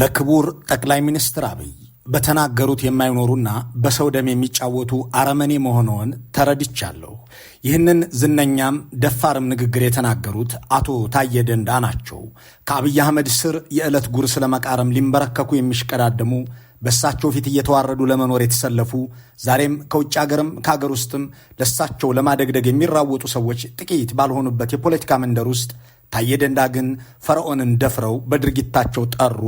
ለክቡር ጠቅላይ ሚኒስትር አብይ በተናገሩት የማይኖሩና በሰው ደም የሚጫወቱ አረመኔ መሆነውን ተረድቻለሁ። ይህንን ዝነኛም ደፋርም ንግግር የተናገሩት አቶ ታዬ ደንዳ ናቸው። ከአብይ አህመድ ስር የዕለት ጉርስ ለመቃረም ሊንበረከኩ የሚሽቀዳደሙ በእሳቸው ፊት እየተዋረዱ ለመኖር የተሰለፉ ዛሬም ከውጭ ሀገርም ከሀገር ውስጥም ለእሳቸው ለማደግደግ የሚራወጡ ሰዎች ጥቂት ባልሆኑበት የፖለቲካ መንደር ውስጥ ታየደንዳ ግን ፈርዖንን ደፍረው በድርጊታቸው ጠሩ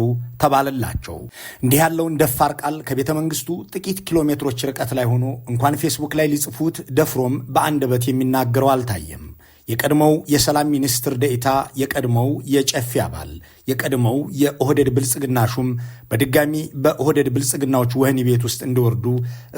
ተባለላቸው። እንዲህ ያለውን ደፋር ቃል ከቤተ መንግስቱ ጥቂት ኪሎ ሜትሮች ርቀት ላይ ሆኖ እንኳን ፌስቡክ ላይ ሊጽፉት ደፍሮም በአንደበት የሚናገረው አልታየም። የቀድሞው የሰላም ሚኒስትር ደኢታ፣ የቀድሞው የጨፌ አባል፣ የቀድሞው የኦህደድ ብልጽግና ሹም በድጋሚ በኦህደድ ብልጽግናዎች ወህኒ ቤት ውስጥ እንዲወርዱ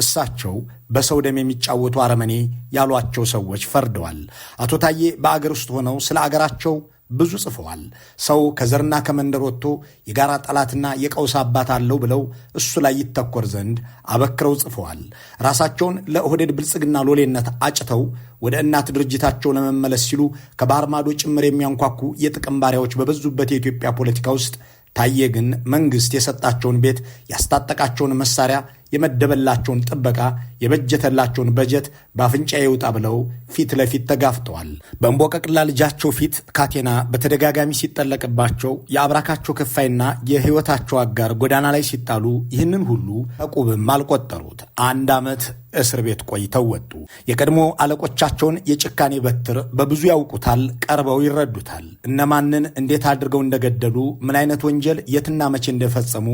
እሳቸው በሰው ደም የሚጫወቱ አረመኔ ያሏቸው ሰዎች ፈርደዋል። አቶ ታዬ በአገር ውስጥ ሆነው ስለ አገራቸው ብዙ ጽፈዋል። ሰው ከዘርና ከመንደር ወጥቶ የጋራ ጠላትና የቀውስ አባት አለው ብለው እሱ ላይ ይተኮር ዘንድ አበክረው ጽፈዋል። ራሳቸውን ለኦህዴድ ብልጽግና ሎሌነት አጭተው ወደ እናት ድርጅታቸው ለመመለስ ሲሉ ከባህር ማዶ ጭምር የሚያንኳኩ የጥቅም ባሪያዎች በበዙበት የኢትዮጵያ ፖለቲካ ውስጥ ታዬ ግን መንግሥት የሰጣቸውን ቤት ያስታጠቃቸውን መሳሪያ የመደበላቸውን ጥበቃ የበጀተላቸውን በጀት በአፍንጫ ይውጣ ብለው ፊት ለፊት ተጋፍተዋል። በእምቦቀቅላ ልጃቸው ፊት ካቴና በተደጋጋሚ ሲጠለቅባቸው የአብራካቸው ክፋይና የሕይወታቸው አጋር ጎዳና ላይ ሲጣሉ ይህንን ሁሉ ዕቁብም አልቆጠሩት። አንድ ዓመት እስር ቤት ቆይተው ወጡ። የቀድሞ አለቆቻቸውን የጭካኔ በትር በብዙ ያውቁታል፣ ቀርበው ይረዱታል። እነማንን እንዴት አድርገው እንደገደሉ፣ ምን አይነት ወንጀል የትና መቼ እንደፈጸሙ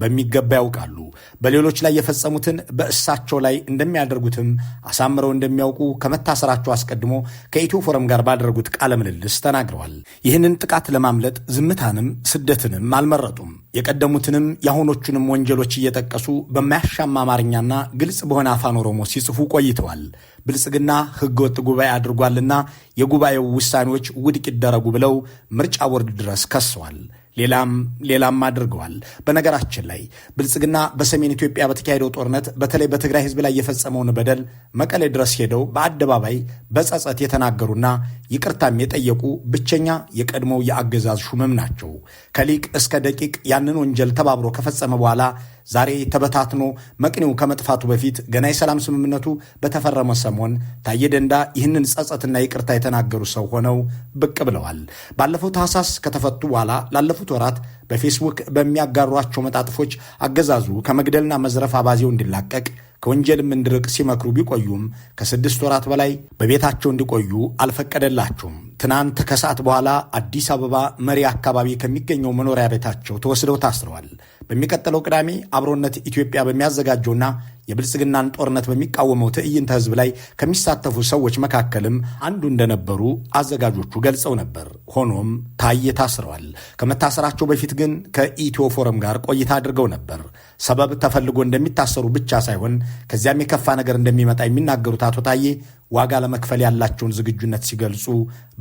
በሚገባ ያውቃሉ። በሌሎች ላይ የፈጸሙትን በእሳቸው ላይ እንደሚያደርጉትም አሳምረው እንደሚያውቁ ከመታሰራቸው አስቀድሞ ከኢትዮ ፎረም ጋር ባደረጉት ቃለ ምልልስ ተናግረዋል። ይህንን ጥቃት ለማምለጥ ዝምታንም ስደትንም አልመረጡም። የቀደሙትንም የአሁኖቹንም ወንጀሎች እየጠቀሱ በማያሻማ አማርኛና ግልጽ በሆነ አፋን ኦሮሞ ሲጽፉ ቆይተዋል። ብልጽግና ህገወጥ ጉባኤ አድርጓልና የጉባኤው ውሳኔዎች ውድቅ ይደረጉ ብለው ምርጫ ቦርድ ድረስ ከሰዋል። ሌላም ሌላም አድርገዋል። በነገራችን ላይ ብልጽግና በሰሜን ኢትዮጵያ በተካሄደው ጦርነት በተለይ በትግራይ ህዝብ ላይ የፈጸመውን በደል መቀሌ ድረስ ሄደው በአደባባይ በጸጸት የተናገሩና ይቅርታም የጠየቁ ብቸኛ የቀድሞው የአገዛዝ ሹምም ናቸው። ከሊቅ እስከ ደቂቅ ያንን ወንጀል ተባብሮ ከፈጸመ በኋላ ዛሬ ተበታትኖ መቅኔው ከመጥፋቱ በፊት ገና የሰላም ስምምነቱ በተፈረመ ሰሞን ታየደንዳ ደንዳ ይህንን ጸጸትና ይቅርታ የተናገሩ ሰው ሆነው ብቅ ብለዋል። ባለፈው ታህሳስ ከተፈቱ በኋላ ላለፉት ወራት በፌስቡክ በሚያጋሯቸው መጣጥፎች አገዛዙ ከመግደልና መዝረፍ አባዜው እንዲላቀቅ ከወንጀልም ምንድርቅ ሲመክሩ ቢቆዩም ከስድስት ወራት በላይ በቤታቸው እንዲቆዩ አልፈቀደላቸውም። ትናንት ከሰዓት በኋላ አዲስ አበባ መሪ አካባቢ ከሚገኘው መኖሪያ ቤታቸው ተወስደው ታስረዋል። በሚቀጥለው ቅዳሜ አብሮነት ኢትዮጵያ በሚያዘጋጀውና የብልጽግናን ጦርነት በሚቃወመው ትዕይንተ ህዝብ ላይ ከሚሳተፉ ሰዎች መካከልም አንዱ እንደነበሩ አዘጋጆቹ ገልጸው ነበር። ሆኖም ታዬ ታስረዋል። ከመታሰራቸው በፊት ግን ከኢትዮ ፎረም ጋር ቆይታ አድርገው ነበር። ሰበብ ተፈልጎ እንደሚታሰሩ ብቻ ሳይሆን ከዚያም የከፋ ነገር እንደሚመጣ የሚናገሩት አቶ ታዬ ዋጋ ለመክፈል ያላቸውን ዝግጁነት ሲገልጹ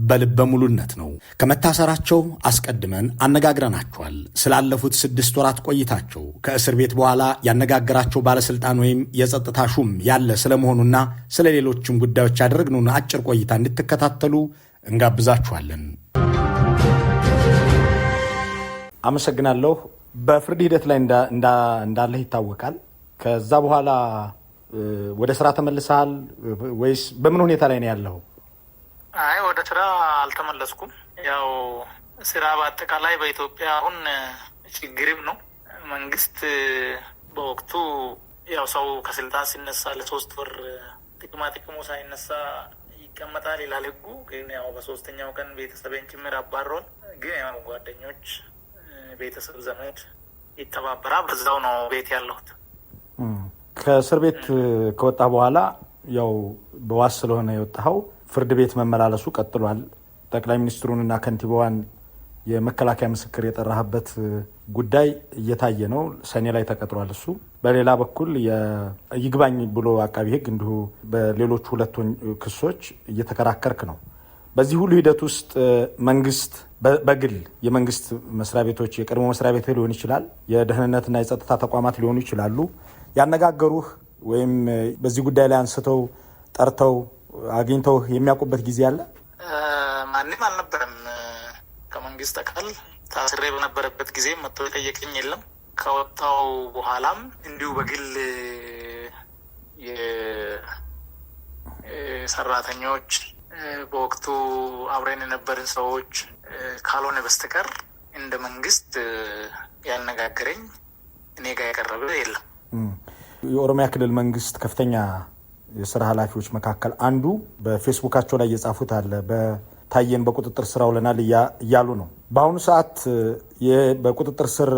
በልበ ሙሉነት ነው። ከመታሰራቸው አስቀድመን አነጋግረናቸዋል። ስላለፉት ስድስት ወራት ቆይታቸው ከእስር ቤት በኋላ ያነጋገራቸው ባለስልጣን ወይም የጸጥታ ሹም ያለ ስለመሆኑና ስለ ሌሎችም ጉዳዮች ያደረግነውን አጭር ቆይታ እንድትከታተሉ እንጋብዛችኋለን። አመሰግናለሁ። በፍርድ ሂደት ላይ እንዳለህ ይታወቃል። ከዛ በኋላ ወደ ስራ ተመልሰሃል ወይስ በምን ሁኔታ ላይ ነው ያለው? አይ ወደ ስራ አልተመለስኩም። ያው ስራ በአጠቃላይ በኢትዮጵያ አሁን ችግርም ነው። መንግስት በወቅቱ ያው ሰው ከስልጣን ሲነሳ ለሶስት ወር ጥቅማ ጥቅሙ ሳይነሳ ይቀመጣል ይላል ህጉ። ግን ያው በሶስተኛው ቀን ቤተሰብን ጭምር አባሯል። ግን ያው ጓደኞች፣ ቤተሰብ፣ ዘመድ ይተባበራል። በዛው ነው ቤት ያለሁት። ከእስር ቤት ከወጣ በኋላ ያው በዋስ ስለሆነ የወጣኸው ፍርድ ቤት መመላለሱ ቀጥሏል። ጠቅላይ ሚኒስትሩንና ከንቲባዋን የመከላከያ ምስክር የጠራህበት ጉዳይ እየታየ ነው። ሰኔ ላይ ተቀጥሯል። እሱ በሌላ በኩል ይግባኝ ብሎ አቃቢ ሕግ እንዲሁ በሌሎቹ ሁለት ክሶች እየተከራከርክ ነው። በዚህ ሁሉ ሂደት ውስጥ መንግስት በግል የመንግስት መስሪያ ቤቶች የቀድሞ መስሪያ ቤት ሊሆን ይችላል፣ የደህንነትና የጸጥታ ተቋማት ሊሆኑ ይችላሉ ያነጋገሩህ ወይም በዚህ ጉዳይ ላይ አንስተው ጠርተው አግኝተው የሚያውቁበት ጊዜ አለ? ማንም አልነበረም። ከመንግስት አካል ታስሬ በነበረበት ጊዜ መጥቶ የጠየቀኝ የለም። ከወጣው በኋላም እንዲሁ በግል የሰራተኞች በወቅቱ አብረን የነበርን ሰዎች ካልሆነ በስተቀር እንደ መንግስት ያነጋገረኝ እኔ ጋር የቀረበ የለም። የኦሮሚያ ክልል መንግስት ከፍተኛ የስራ ኃላፊዎች መካከል አንዱ በፌስቡካቸው ላይ የጻፉት አለ በታየን በቁጥጥር ስር አውለናል እያሉ ነው። በአሁኑ ሰዓት በቁጥጥር ስር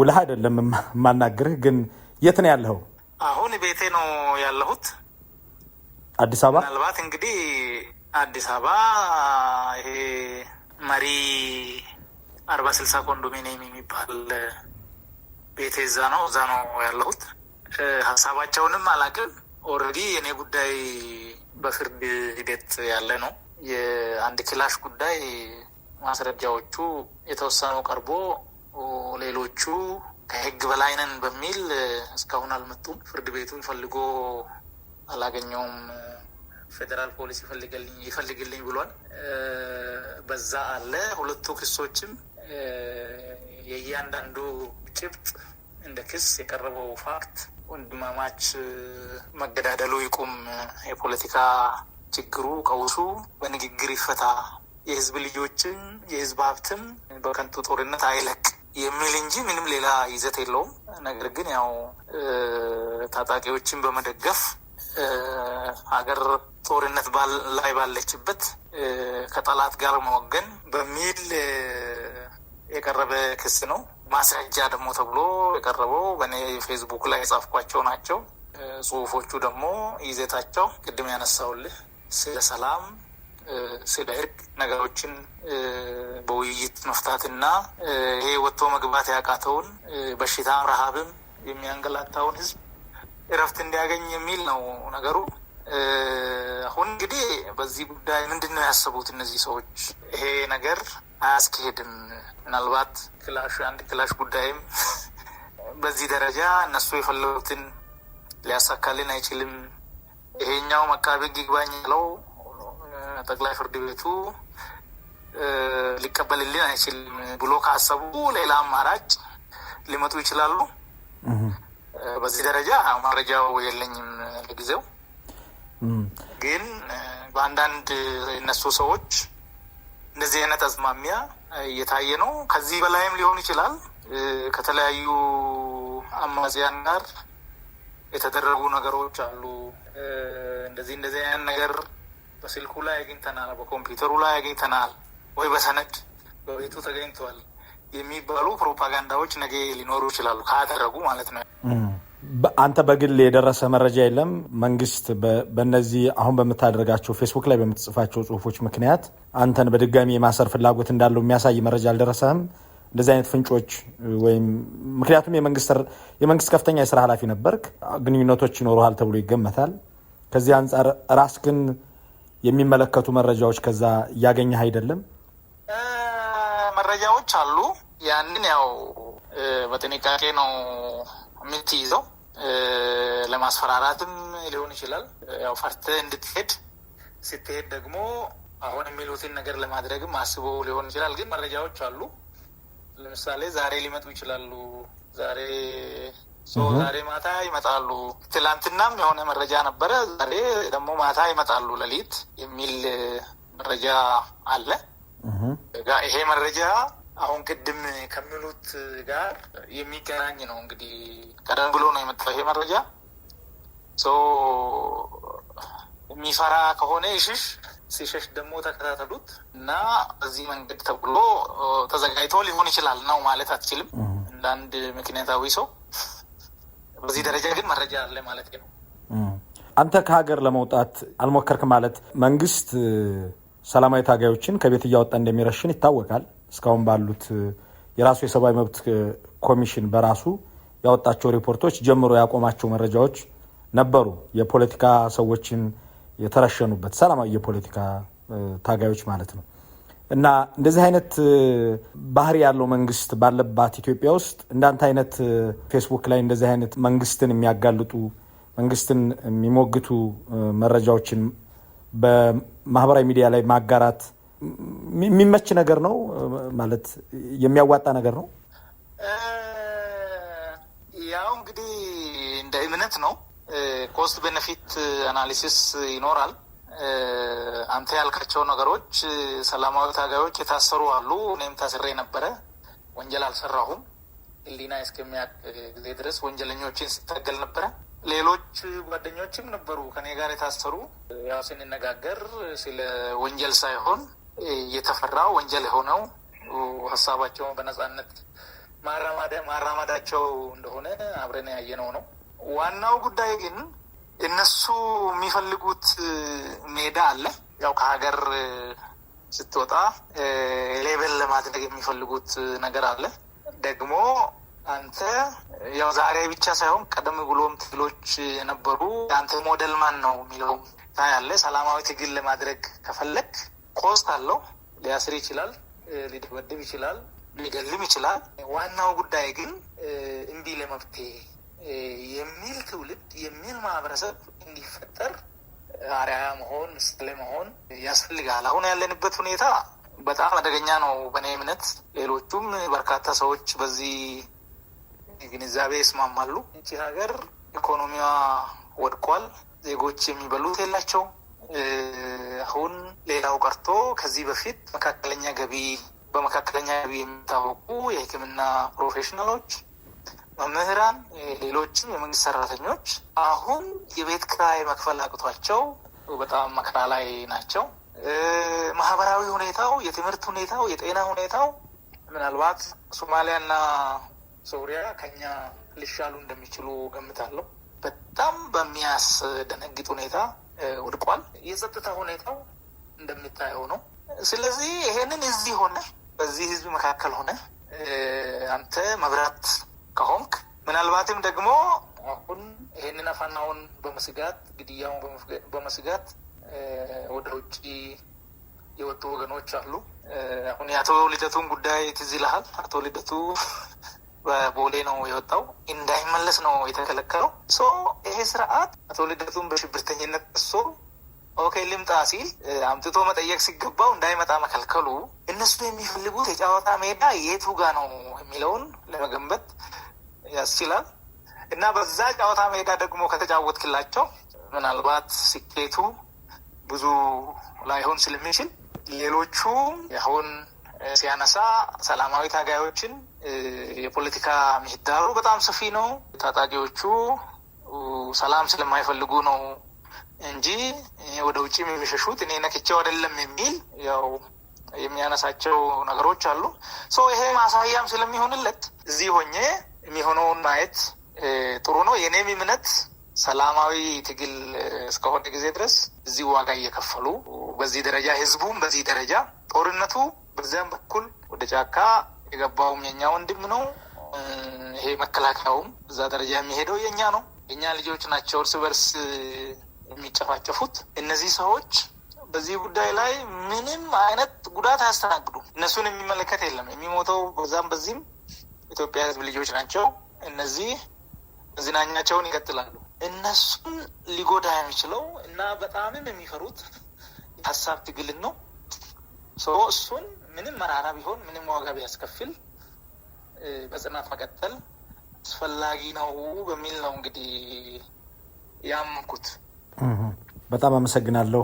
ውለህ አይደለም የማናግርህ፣ ግን የት ነው ያለኸው? አሁን ቤቴ ነው ያለሁት፣ አዲስ አበባ። ምናልባት እንግዲህ አዲስ አበባ ይሄ መሪ አርባ ስልሳ ኮንዶሚኒየም የሚባል ቤቴ እዛ ነው እዛ ነው ያለሁት። ሀሳባቸውንም አላቅም። ኦልሬዲ የእኔ ጉዳይ በፍርድ ሂደት ያለ ነው። የአንድ ክላሽ ጉዳይ ማስረጃዎቹ የተወሰነው ቀርቦ ሌሎቹ ከህግ በላይ ነን በሚል እስካሁን አልመጡም። ፍርድ ቤቱን ፈልጎ አላገኘውም። ፌዴራል ፖሊስ ይፈልግልኝ ብሏል። በዛ አለ ሁለቱ ክሶችም የእያንዳንዱ ጭብጥ እንደ ክስ የቀረበው ፋክት ወንድማማች መገዳደሉ ይቁም፣ የፖለቲካ ችግሩ ቀውሱ በንግግር ይፈታ፣ የህዝብ ልጆችን የህዝብ ሀብትም በከንቱ ጦርነት አይለቅ የሚል እንጂ ምንም ሌላ ይዘት የለውም። ነገር ግን ያው ታጣቂዎችን በመደገፍ ሀገር ጦርነት ላይ ባለችበት ከጠላት ጋር መወገን በሚል የቀረበ ክስ ነው። ማስረጃ ደግሞ ተብሎ የቀረበው በእኔ ፌስቡክ ላይ የጻፍኳቸው ናቸው። ጽሁፎቹ ደግሞ ይዘታቸው ቅድም ያነሳውልህ ስለ ሰላም፣ ስለ እርቅ ነገሮችን በውይይት መፍታትና ይሄ ወጥቶ መግባት ያቃተውን በሽታም ረሃብም የሚያንገላታውን ህዝብ እረፍት እንዲያገኝ የሚል ነው ነገሩ። አሁን እንግዲህ በዚህ ጉዳይ ምንድን ነው ያሰቡት እነዚህ ሰዎች? ይሄ ነገር አያስኬሄድም። ምናልባት ክላሽ አንድ ክላሽ ጉዳይም በዚህ ደረጃ እነሱ የፈለጉትን ሊያሳካልን አይችልም። ይሄኛው አቃቤ ሕግ ይግባኝ ያለው ጠቅላይ ፍርድ ቤቱ ሊቀበልልን አይችልም ብሎ ካሰቡ ሌላ አማራጭ ሊመጡ ይችላሉ። በዚህ ደረጃ መረጃው የለኝም ለጊዜው። ግን በአንዳንድ እነሱ ሰዎች እንደዚህ አይነት አዝማሚያ እየታየ ነው። ከዚህ በላይም ሊሆን ይችላል። ከተለያዩ አማጽያን ጋር የተደረጉ ነገሮች አሉ። እንደዚህ እንደዚህ አይነት ነገር በስልኩ ላይ አግኝተናል፣ በኮምፒውተሩ ላይ አግኝተናል፣ ወይ በሰነድ በቤቱ ተገኝተዋል የሚባሉ ፕሮፓጋንዳዎች ነገ ሊኖሩ ይችላሉ ካደረጉ ማለት ነው። አንተ በግል የደረሰ መረጃ የለም? መንግስት በነዚህ አሁን በምታደርጋቸው ፌስቡክ ላይ በምትጽፋቸው ጽሁፎች ምክንያት አንተን በድጋሚ የማሰር ፍላጎት እንዳለው የሚያሳይ መረጃ አልደረሰህም? እንደዚህ አይነት ፍንጮች ወይም ምክንያቱም የመንግስት ከፍተኛ የስራ ኃላፊ ነበርክ፣ ግንኙነቶች ይኖረሃል ተብሎ ይገመታል። ከዚህ አንጻር ራስ ግን የሚመለከቱ መረጃዎች ከዛ እያገኘህ አይደለም? መረጃዎች አሉ። ያንን ያው በጥንቃቄ ነው የምትይዘው ለማስፈራራትም ሊሆን ይችላል። ያው ፈርተ እንድትሄድ ስትሄድ ደግሞ አሁን የሚሉትን ነገር ለማድረግም አስቦ ሊሆን ይችላል። ግን መረጃዎች አሉ። ለምሳሌ ዛሬ ሊመጡ ይችላሉ። ዛሬ ዛሬ ማታ ይመጣሉ። ትላንትናም የሆነ መረጃ ነበረ። ዛሬ ደግሞ ማታ ይመጣሉ ለሊት የሚል መረጃ አለ። ይሄ መረጃ አሁን ቅድም ከሚሉት ጋር የሚገናኝ ነው። እንግዲህ ቀደም ብሎ ነው የመጣው ይሄ መረጃ። ሰው የሚፈራ ከሆነ ይሽሽ፣ ሲሸሽ ደግሞ ተከታተሉት እና በዚህ መንገድ ተብሎ ተዘጋጅቶ ሊሆን ይችላል ነው ማለት አትችልም፣ እንደ አንድ ምክንያታዊ ሰው። በዚህ ደረጃ ግን መረጃ አለ ማለት ነው። አንተ ከሀገር ለመውጣት አልሞከርክ ማለት መንግስት ሰላማዊ ታጋዮችን ከቤት እያወጣ እንደሚረሽን ይታወቃል። እስካሁን ባሉት የራሱ የሰብአዊ መብት ኮሚሽን በራሱ ያወጣቸው ሪፖርቶች ጀምሮ ያቆማቸው መረጃዎች ነበሩ። የፖለቲካ ሰዎችን የተረሸኑበት ሰላማዊ የፖለቲካ ታጋዮች ማለት ነው። እና እንደዚህ አይነት ባህሪ ያለው መንግስት ባለባት ኢትዮጵያ ውስጥ እንዳንተ አይነት ፌስቡክ ላይ እንደዚህ አይነት መንግስትን የሚያጋልጡ መንግስትን የሚሞግቱ መረጃዎችን በማህበራዊ ሚዲያ ላይ ማጋራት የሚመች ነገር ነው ማለት የሚያዋጣ ነገር ነው። ያው እንግዲህ እንደ እምነት ነው። ኮስት ቤነፊት አናሊሲስ ይኖራል። አንተ ያልካቸው ነገሮች ሰላማዊ ታጋዮች የታሰሩ አሉ። እኔም ታስሬ ነበረ። ወንጀል አልሰራሁም። ሕሊና እስከሚያውቅ ጊዜ ድረስ ወንጀለኞችን ስታገል ነበረ። ሌሎች ጓደኞችም ነበሩ ከኔ ጋር የታሰሩ ያው ስንነጋገር ስለ ወንጀል ሳይሆን የተፈራ ወንጀል የሆነው ሀሳባቸውን በነጻነት ማራማዳቸው እንደሆነ አብረን ያየነው ነው። ዋናው ጉዳይ ግን እነሱ የሚፈልጉት ሜዳ አለ። ያው ከሀገር ስትወጣ ሌበል ለማድረግ የሚፈልጉት ነገር አለ። ደግሞ አንተ ያው ዛሬ ብቻ ሳይሆን ቀደም ብሎም ትግሎች የነበሩ አንተ ሞዴል ማን ነው የሚለው ታያለ። ሰላማዊ ትግል ለማድረግ ከፈለግ ኮስት አለው። ሊያስር ይችላል፣ ሊደበድብ ይችላል፣ ሊገልም ይችላል። ዋናው ጉዳይ ግን እንዲህ ለመፍትሄ የሚል ትውልድ የሚል ማህበረሰብ እንዲፈጠር አርአያ መሆን ምሳሌ መሆን ያስፈልጋል። አሁን ያለንበት ሁኔታ በጣም አደገኛ ነው በእኔ እምነት። ሌሎቹም በርካታ ሰዎች በዚህ ግንዛቤ ይስማማሉ። እቺ ሀገር ኢኮኖሚዋ ወድቋል። ዜጎች የሚበሉት የላቸው ይሁን ሌላው ቀርቶ ከዚህ በፊት መካከለኛ ገቢ በመካከለኛ ገቢ የሚታወቁ የሕክምና ፕሮፌሽናሎች፣ መምህራን፣ ሌሎችም የመንግስት ሰራተኞች አሁን የቤት ክራይ መክፈል አቅቷቸው በጣም መከራ ላይ ናቸው። ማህበራዊ ሁኔታው፣ የትምህርት ሁኔታው፣ የጤና ሁኔታው ምናልባት ሶማሊያና ሶሪያ ከኛ ሊሻሉ እንደሚችሉ ገምታለሁ። በጣም በሚያስደነግጥ ሁኔታ ወድቋል። የጸጥታ ሁኔታው እንደሚታየው ነው። ስለዚህ ይሄንን እዚህ ሆነ በዚህ ህዝብ መካከል ሆነ አንተ መብራት ከሆንክ ምናልባትም ደግሞ አሁን ይሄንን አፋናውን በመስጋት ግድያውን በመስጋት ወደ ውጭ የወጡ ወገኖች አሉ። አሁን የአቶ ልደቱን ጉዳይ ትዝ ይልሃል? አቶ ልደቱ በቦሌ ነው የወጣው እንዳይመለስ ነው የተከለከለው። ሶ ይሄ ስርዓት አቶ ልደቱን በሽብርተኝነት እሶ ኦኬ ልምጣ ሲል አምጥቶ መጠየቅ ሲገባው እንዳይመጣ መከልከሉ እነሱ የሚፈልጉት የጨዋታ ሜዳ የቱ ጋ ነው የሚለውን ለመገንበት ያስችላል። እና በዛ ጨዋታ ሜዳ ደግሞ ከተጫወትክላቸው ምናልባት ስኬቱ ብዙ ላይሆን ስለሚችል ሌሎቹ አሁን ሲያነሳ ሰላማዊ ታጋዮችን የፖለቲካ ምህዳሩ በጣም ሰፊ ነው። ታጣቂዎቹ ሰላም ስለማይፈልጉ ነው እንጂ ወደ ውጭ የሚሸሹት እኔ ነክቼው አይደለም የሚል ያው የሚያነሳቸው ነገሮች አሉ። ሶ ይሄ ማሳያም ስለሚሆንለት እዚህ ሆኜ የሚሆነውን ማየት ጥሩ ነው። የእኔም እምነት ሰላማዊ ትግል እስከሆነ ጊዜ ድረስ እዚህ ዋጋ እየከፈሉ በዚህ ደረጃ ህዝቡም በዚህ ደረጃ ጦርነቱ በዚያም በኩል ወደ ጫካ የገባውም የኛ ወንድም ነው። ይሄ መከላከያውም እዛ ደረጃ የሚሄደው የእኛ ነው። የእኛ ልጆች ናቸው እርስ በርስ የሚጨፋጨፉት እነዚህ ሰዎች በዚህ ጉዳይ ላይ ምንም አይነት ጉዳት አያስተናግዱም። እነሱን የሚመለከት የለም። የሚሞተው በዛም በዚህም ኢትዮጵያ ሕዝብ ልጆች ናቸው። እነዚህ መዝናኛቸውን ይቀጥላሉ። እነሱን ሊጎዳ የሚችለው እና በጣምም የሚፈሩት ሀሳብ ትግልን ነው። እሱን ምንም መራራ ቢሆን ምንም ዋጋ ቢያስከፍል በጽናት መቀጠል አስፈላጊ ነው በሚል ነው እንግዲህ ያምኩት። በጣም አመሰግናለሁ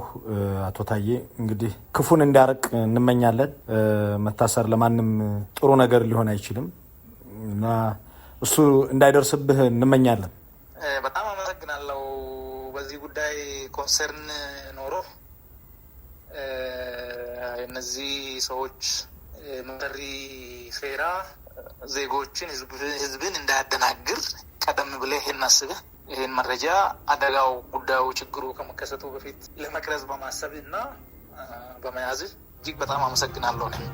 አቶ ታዬ። እንግዲህ ክፉን እንዲያርቅ እንመኛለን። መታሰር ለማንም ጥሩ ነገር ሊሆን አይችልም እና እሱ እንዳይደርስብህ እንመኛለን። በጣም አመሰግናለሁ። በዚህ ጉዳይ ኮንሰርን ኖሮ እነዚህ ሰዎች መሪ ሴራ ዜጎችን፣ ህዝብን እንዳያደናግር ቀደም ብለህ ይሄን አስበህ ይሄን መረጃ አደጋው ጉዳዩ ችግሩ ከመከሰቱ በፊት ለመቅረጽ በማሰብ እና በመያዝ እጅግ በጣም አመሰግናለሁ።